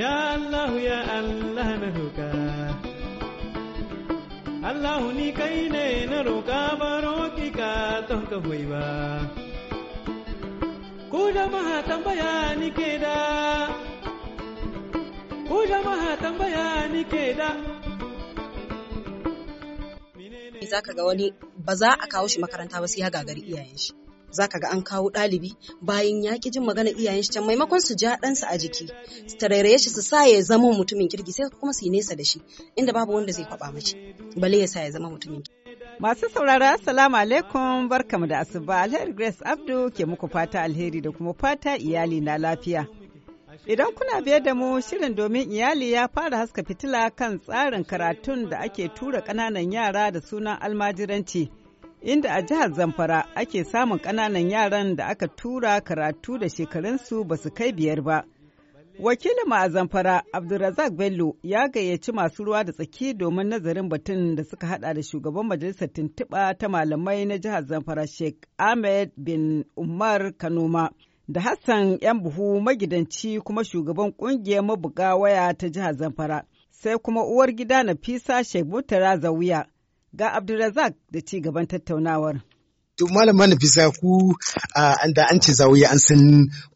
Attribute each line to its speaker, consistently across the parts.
Speaker 1: Ya Allah ya Allah na roka Allah ni kai ne na roka baro ki ka ton ka hoyi ba Ku jama'a tambaya ni ke da Ku jama'a tambaya ni ke da
Speaker 2: Za ka ga wani ba za a kawo shi makaranta ba sai ya gagari iyayen shi za ka ga an kawo ɗalibi bayan ya ki jin magana iyayen shi can maimakon su ja ɗansa a jiki su tarairaye shi su sa ya zama mutumin kirki sai kuma su yi nesa da shi inda babu wanda zai faɓa mace bale ya sa ya
Speaker 1: zama mutumin kirki. Masu saurara Assalamu alaikum barkamu da asuba Alheri Grace Abdu ke muku fata alheri da kuma fata iyali na lafiya. Idan kuna biye da mu shirin domin iyali ya fara haska fitila kan tsarin karatun da ake tura kananan yara da sunan almajiranci. inda a jihar Zamfara ake samun ƙananan yaran da aka tura karatu da shekarunsu ba su kai biyar ba. Wakilin a Zamfara Abdulrazak Bello ya gayyaci masu ruwa da tsaki domin nazarin batun da suka hada da shugaban majalisar tuntuɓa ta malamai na jihar Zamfara Sheikh Ahmed bin Umar Kanoma da Hassan ‘yan buhu magidanci kuma shugaban ƙungiyar mabuga waya ta jihar Zamfara sai kuma uwar gida Nafisa Sheikh mutara Zawiya. Ga Abdulrazak da ci gaban tattaunawar.
Speaker 3: to malama bisa ku an da an ce zawiya an san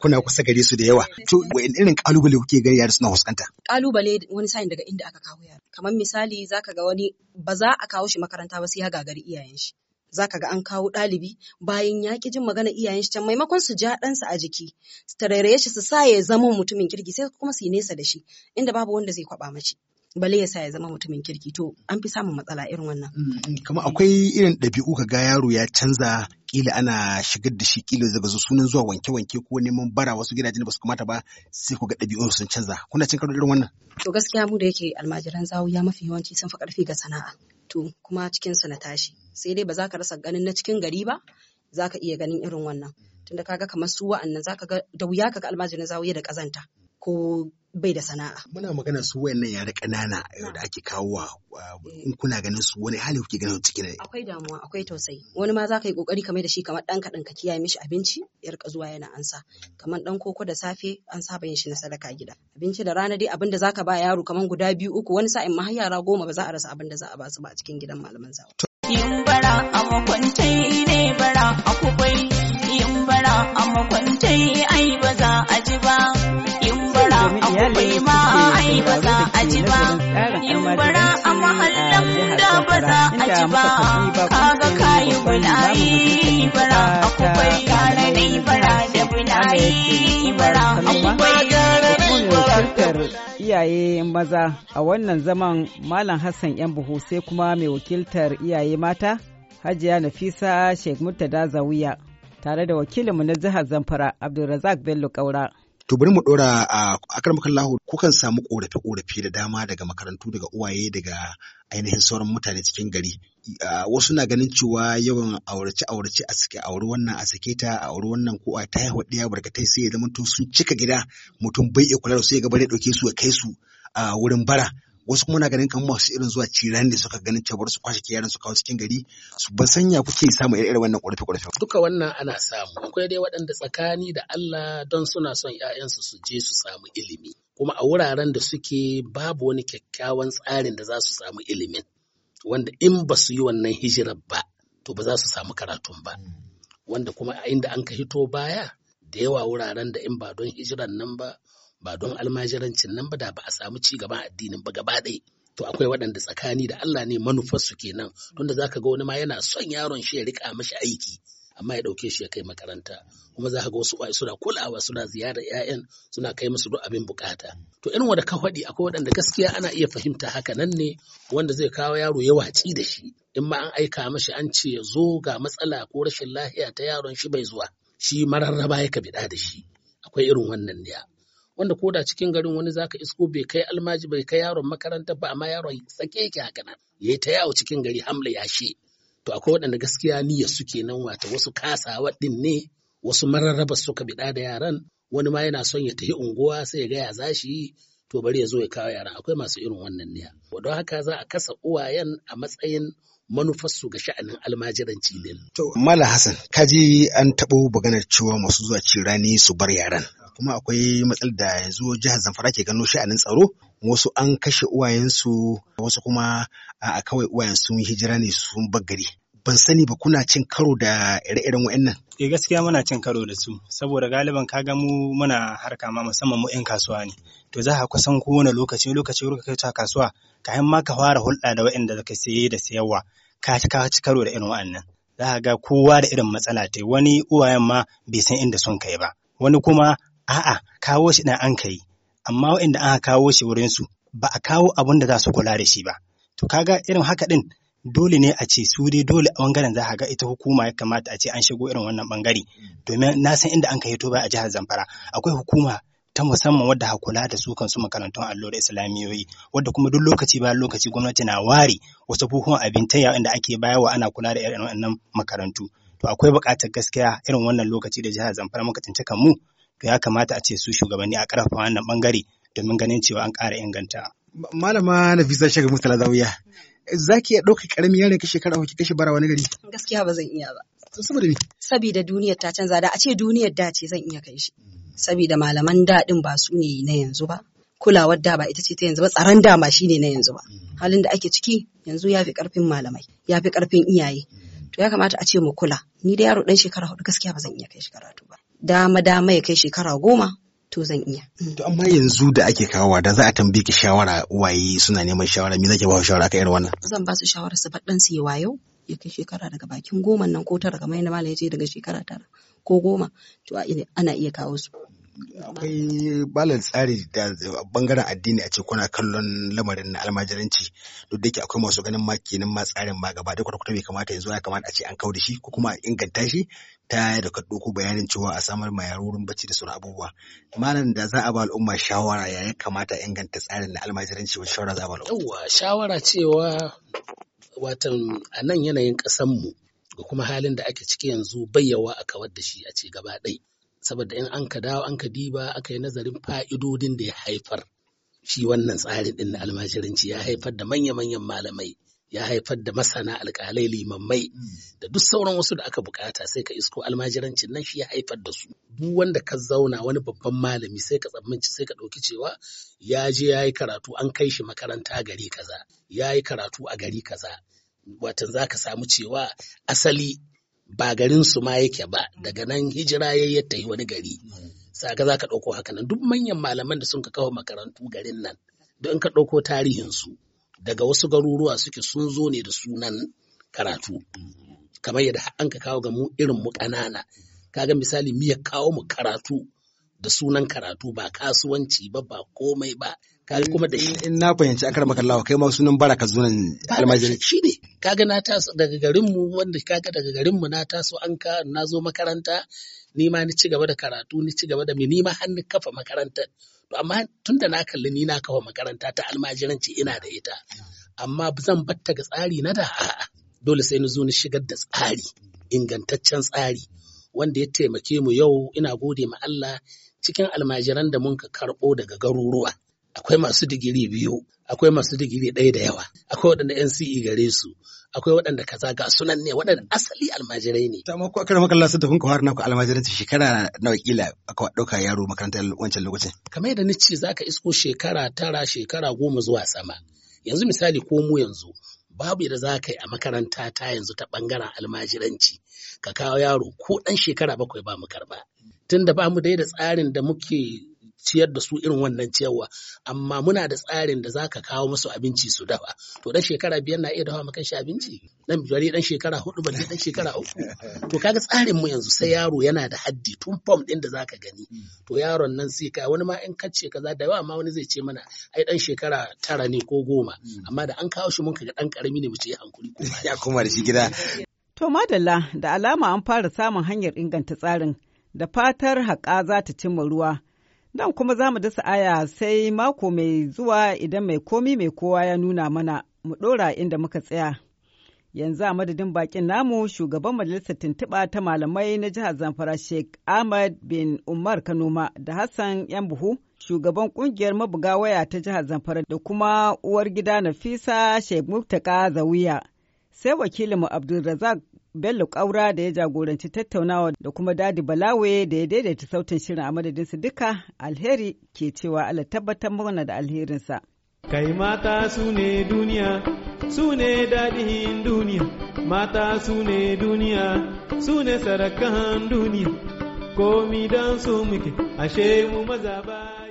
Speaker 3: kuna kusa gare su da yawa to irin kalubale kuke gani yara suna
Speaker 2: fuskanta kalubale wani sa'in daga inda aka kawo yara kamar misali za ka ga wani ba za a kawo shi makaranta ba sai ya gagari iyayen shi Za ka ga an kawo ɗalibi bayan ya ƙi jin magana iyayen shi can maimakon su ja ɗan ɗansa a jiki su tarairaye shi su sa ya zama mutumin kirki sai kuma su yi nesa da shi inda babu wanda zai kwaɓa mace bale ya sa ya zama mutumin kirki to an fi samun matsala irin wannan
Speaker 3: mm-hmm. kuma akwai irin ɗabi'u ka ga yaro ya canza kila ana shigar da shi kila daga sunan zuwa wanke-wanke ko neman bara wasu gidajen da basu kamata ba sai ku ga ɗabi'un sun canza kuna cin karo irin wannan
Speaker 2: to gaskiya mu da yake almajiran ya mafi yawanci sun fi ƙarfi ga sana'a to kuma cikin su na tashi sai dai ba za ka rasa ganin na cikin gari ba za ka iya ganin irin wannan tunda kaga kamar su wa'annan za ka ga da wuya ka ga almajirin ya da ƙazanta ko bai da sana'a.
Speaker 3: Muna magana su wayannan yare ƙanana da ake kawowa eh. in kuna ganin su wani hali
Speaker 2: kuke ganin cikin Akwai damuwa akwai tausayi wani ma za ka yi kokari kamar da shi kamar ɗan kaɗan ka kiyaye mishi abinci ya rika zuwa yana ansa kamar ɗan koko da safe an saba yin shi na sadaka gida abinci da rana dai abin da za ka ba yaro kamar guda biyu uku wani sa'in ma har yara goma ba za a rasa abin da za a ba su ba a cikin gidan malaman zawo. Yin bara a makwantai ne bara a kubai yin
Speaker 1: bara a makwantai ai ba za a ji ba. bai ma ai ba za a ji ba yin bara a mahallan da ba za a ji ba kaga kayi bulayi bara a kubar yara ne bara da bulayi bara a kubar yara wakiltar iyaye maza a wannan zaman malam hassan yan buhu sai kuma mai wakiltar iyaye mata hajiya nafisa sheikh murtada zawiya tare da wakilinmu na jihar zamfara abdulrazak bello kaura
Speaker 3: To bari mu ɗora a akar lahu kukan samu korafe-korafe da dama daga makarantu daga uwaye daga ainihin sauran mutane cikin gari. Wasu na ganin cewa yawan aurace-aurace a sake auri wannan a sake ta a auri wannan ko a ta haihuwa ɗaya barkatai sai ya zama sun cika gida mutum bai iya kula da su ya gaba da ɗauke su ya kai su a wurin bara wasu kuma na ganin kan masu irin zuwa ciran ne suka ganin cewa su kwashe yaran su kawo cikin gari su ban sanya kuke samu irin wannan ƙorafe ƙorafe
Speaker 4: duka wannan ana samu akwai dai waɗanda tsakani da Allah don suna son ƴaƴansu su je su samu ilimi kuma a wuraren da suke babu wani kyakkyawan tsarin da za su samu ilimin wanda in ba su yi wannan hijirar ba to ba za su samu karatun ba wanda kuma a inda an ka hito baya da yawa wuraren da in ba don hijirar nan ba ba don almajirancin nan ba da ba a samu ci gaban addinin ba gaba ɗaya to akwai waɗanda tsakani da Allah ne manufarsu kenan tunda zaka ga wani ma yana son yaron shi ya rika mashi aiki amma ya ɗauke shi ya kai makaranta kuma za ka ga wasu suna kulawa suna ziyarar 'ya'yan suna kai musu duk abin bukata to irin wanda ka faɗi akwai waɗanda gaskiya ana iya fahimta haka nan ne wanda zai kawo yaro ya watsi da shi in ma an aika mashi an ce zo ga matsala ko rashin lahiya ta yaron shi bai zuwa shi mararraba ya biɗa da shi akwai irin wannan ne wanda ko da cikin garin wani zaka isko bai kai almaji bai kai yaron makaranta ba amma yaron sake yake haka nan yayi ta yawo cikin gari hamla ya she to akwai waɗanda gaskiya niyyar su nan wata wasu kasawa ɗin ne wasu mararraba suka biɗa da yaran wani ma yana son ya tafi unguwa sai ya gaya za shi, to bari ya zo ya kawo yaran akwai masu irin wannan niyya wadda haka za a kasa uwayen a matsayin manufar su ga sha'anin almajiranci din. To
Speaker 3: Mala Hassan, kaji an taɓo maganar cewa masu zuwa cirani su bar yaran. kuma akwai matsalar da yanzu jihar zamfara ke gano sha'anin tsaro wasu an kashe uwayensu wasu kuma a kawai uwayen sun hijira ne sun baggari ban sani ba kuna cin karo da ire-iren wa'annan eh gaskiya muna cin karo
Speaker 5: da su saboda galiban ka mu muna harka ma musamman mu 'yan kasuwa ne to za a kusan kowane lokaci lokaci ka kai ta kasuwa kayan ma ka fara hulɗa da wa'anda ka saye da sayarwa ka ka ci karo da irin wa'annan za a ga kowa da irin matsala ta wani uwayen ma bai san inda sun kai ba wani kuma a'a kawo shi ɗan an kai amma waɗanda aka kawo shi wurin su ba a kawo abun da za su kula da shi ba to kaga irin haka din dole ne a ce su dai dole a bangaren za ga ita hukuma ya kamata a ce an shigo irin wannan bangare domin na san inda an kai to ba a jihar Zamfara akwai hukuma ta musamman wadda ha kula da su kansu makarantun allo da islamiyoyi wadda kuma duk lokaci bayan lokaci gwamnati na ware wasu buhun abintaya inda ake bayarwa ana kula da irin wannan makarantu to akwai buƙatar gaskiya irin wannan lokaci da jihar Zamfara muka tsinci mu to ya kamata a ce su shugabanni a ƙarfafa wannan bangare domin ganin cewa an ƙara inganta.
Speaker 3: Malama na Nafisa Shaga Murtala Zawiya, za ki iya ɗaukar ƙaramin yaron ka shekara ki kashe bara wani gari?
Speaker 2: Gaskiya ba zan iya ba. Saboda me? Saboda duniyar ta canza da a ce duniyar da ce zan iya kai shi. Saboda malaman daɗin ba su ne na yanzu ba. kulawar da ba ita ce ta yanzu ba tsaron da ma shi ne na yanzu ba mm. halin da ake ciki yanzu ya fi ƙarfin malamai ya fi ƙarfin iyaye to ya kamata a ce mu kula ni da yaro dan shekara hudu gaskiya ba zan iya kai shi karatu ba dama dama ya kai shekara goma to zan iya.
Speaker 3: To amma yanzu da ake kawowa da za a tambaye shawara waye suna neman shawara me zake ba shawara kai irin wannan?
Speaker 2: Zan ba su shawara su faɗan su yi wayo ya kai shekara daga bakin goma nan ko tara kamar yadda malam ya ce daga shekara tara ko goma to ana iya kawo su
Speaker 3: akwai balar tsari da bangaren addini a ce kuna kallon lamarin na almajiranci duk da akwai masu ganin ma kenan ma tsarin ma gaba da kwata bai kamata ya zo ya kamata a ce an da shi ko kuma a inganta shi ta da ka ko bayanin cewa a samar ma yaro wurin bacci da sauran abubuwa malam da za a ba al'umma shawara ya kamata inganta tsarin na almajiranci wa shawara za a ba
Speaker 4: al'umma shawara cewa watan a nan yanayin ƙasanmu da kuma halin da ake ciki yanzu bayyawa a kawar da shi a ce gaba ɗaya saboda in an ka dawo an ka diba aka yi nazarin fa'idodin da ya haifar shi wannan tsarin din na almajiranci ya haifar da manya-manyan malamai ya haifar da masana alkalai limammai da duk sauran wasu da aka bukata sai ka isko almajirancin nan shi ya haifar da su duk wanda ka zauna wani babban malami sai ka tsammanci sai ka ɗauki cewa ya je ya yi karatu an kai shi makaranta gari kaza ya yi karatu a gari kaza watan za ka samu cewa asali ba garin su ma yake ba daga nan hijira ya ta yi wani gari saka za ka ɗauko haka nan duk manyan malaman da sun ka kawo makarantu garin nan in ka ɗauko tarihinsu daga wasu garuruwa suke sun zo ne da sunan karatu kamar yadda an ka kawo ga mu irin mu ƙanana kaga misali miya kawo mu karatu da sunan karatu ba kasuwanci ba ba komai ba
Speaker 3: kaga kuma da in na fahimci akar makallawa kai ma sunan baraka zunan almajiri
Speaker 4: shi kaga na taso daga garinmu wanda kaga daga mu na taso an ka na zo makaranta ni ma ni ci da karatu ni ci gaba da ni ma har ni kafa makarantar to amma tun da na kalli ni na kafa makaranta ta almajiranci ina da ita amma zan batta ga tsari na da a'a dole sai ni zo ni shigar da tsari ingantaccen tsari wanda ya taimake mu yau ina gode ma Allah cikin almajiran da mun ka karɓo daga garuruwa akwai masu digiri biyu akwai masu digiri ɗaya da yawa akwai waɗanda NCE gare su akwai waɗanda kaza ga sunan ne waɗanda asali almajirai ne. Ta mako
Speaker 3: akar makalla sun tafi kawar naku almajiranci shekara
Speaker 4: nawa kila aka ɗauka yaro makarantar wancan lokacin. Kamar yadda ni ce zaka isko shekara tara shekara goma zuwa sama. Yanzu misali ko mu yanzu babu yadda za ka yi a makaranta ta yanzu ta ɓangaren almajiranci ka kawo yaro ko ɗan shekara bakwai ba mu karba. Tunda ba mu dai da tsarin da muke ciyar da su irin wannan ciyarwa amma muna da tsarin da zaka kawo musu abinci su dafa to dan shekara biyar na iya dafa maka shi abinci dan bari dan shekara hudu bari dan shekara uku to kaga tsarin mu yanzu sai yaro yana da haddi tun form din da zaka gani mm. to yaron nan sai ka wani ma in kace kaza da yawa ma wani zai ce mana ai dan shekara tara ne ko goma mm. amma da an kawo shi mun kaga dan karami ne mu ce hankuri ko ya
Speaker 3: koma da shi gida
Speaker 1: to madalla da alama an fara samun hanyar inganta tsarin da fatar haƙa za ta cimma ruwa Nan kuma za mu dasa aya sai mako mai zuwa idan mai komi mai kowa ya nuna mana mu ɗora inda muka tsaya. Yanzu a madadin bakin namu shugaban majalisar tuntuɓa ta malamai na jihar Zamfara Sheikh Ahmad bin Umar Kanoma da Hassan yan buhu shugaban kungiyar mabuga waya ta jihar Zamfara da kuma uwar gida Nafisa Sheikh muktaka Zawiya. Sai wakilinmu Abdulrazak Bello Kaura da ya jagoranci tattaunawa da kuma Dadi Balawe da ya daidaita sautin shirin a madadinsu duka alheri ke cewa Allah tabbatar mana da alherinsa. Kai mata su ne duniya, su ne dadihin duniya, mata su ne duniya, su ne sarakan duniya, komi don su muke, ashe mu maza ba.